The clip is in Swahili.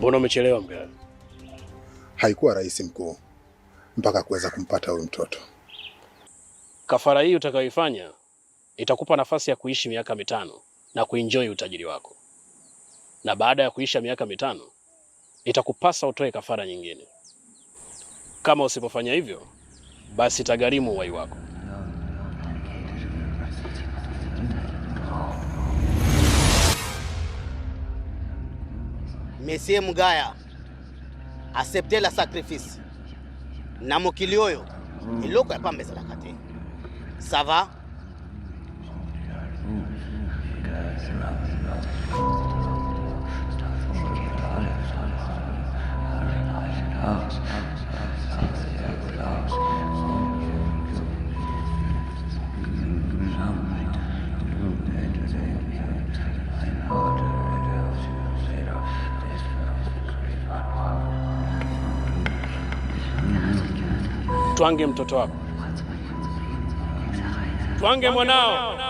Mbona umechelewa mganga? Haikuwa rahisi mkuu, mpaka kuweza kumpata huyu mtoto. Kafara hii utakayoifanya itakupa nafasi ya kuishi miaka mitano na kuenjoy utajiri wako, na baada ya kuisha miaka mitano itakupasa utoe kafara nyingine. Kama usipofanya hivyo, basi itagharimu uhai wako. Mesie Mugaya accepter la sacrifice na mokili oyo mm. eloko ya pamba ezalaka te ça va mm. Twange mtoto wako, twange mwanao.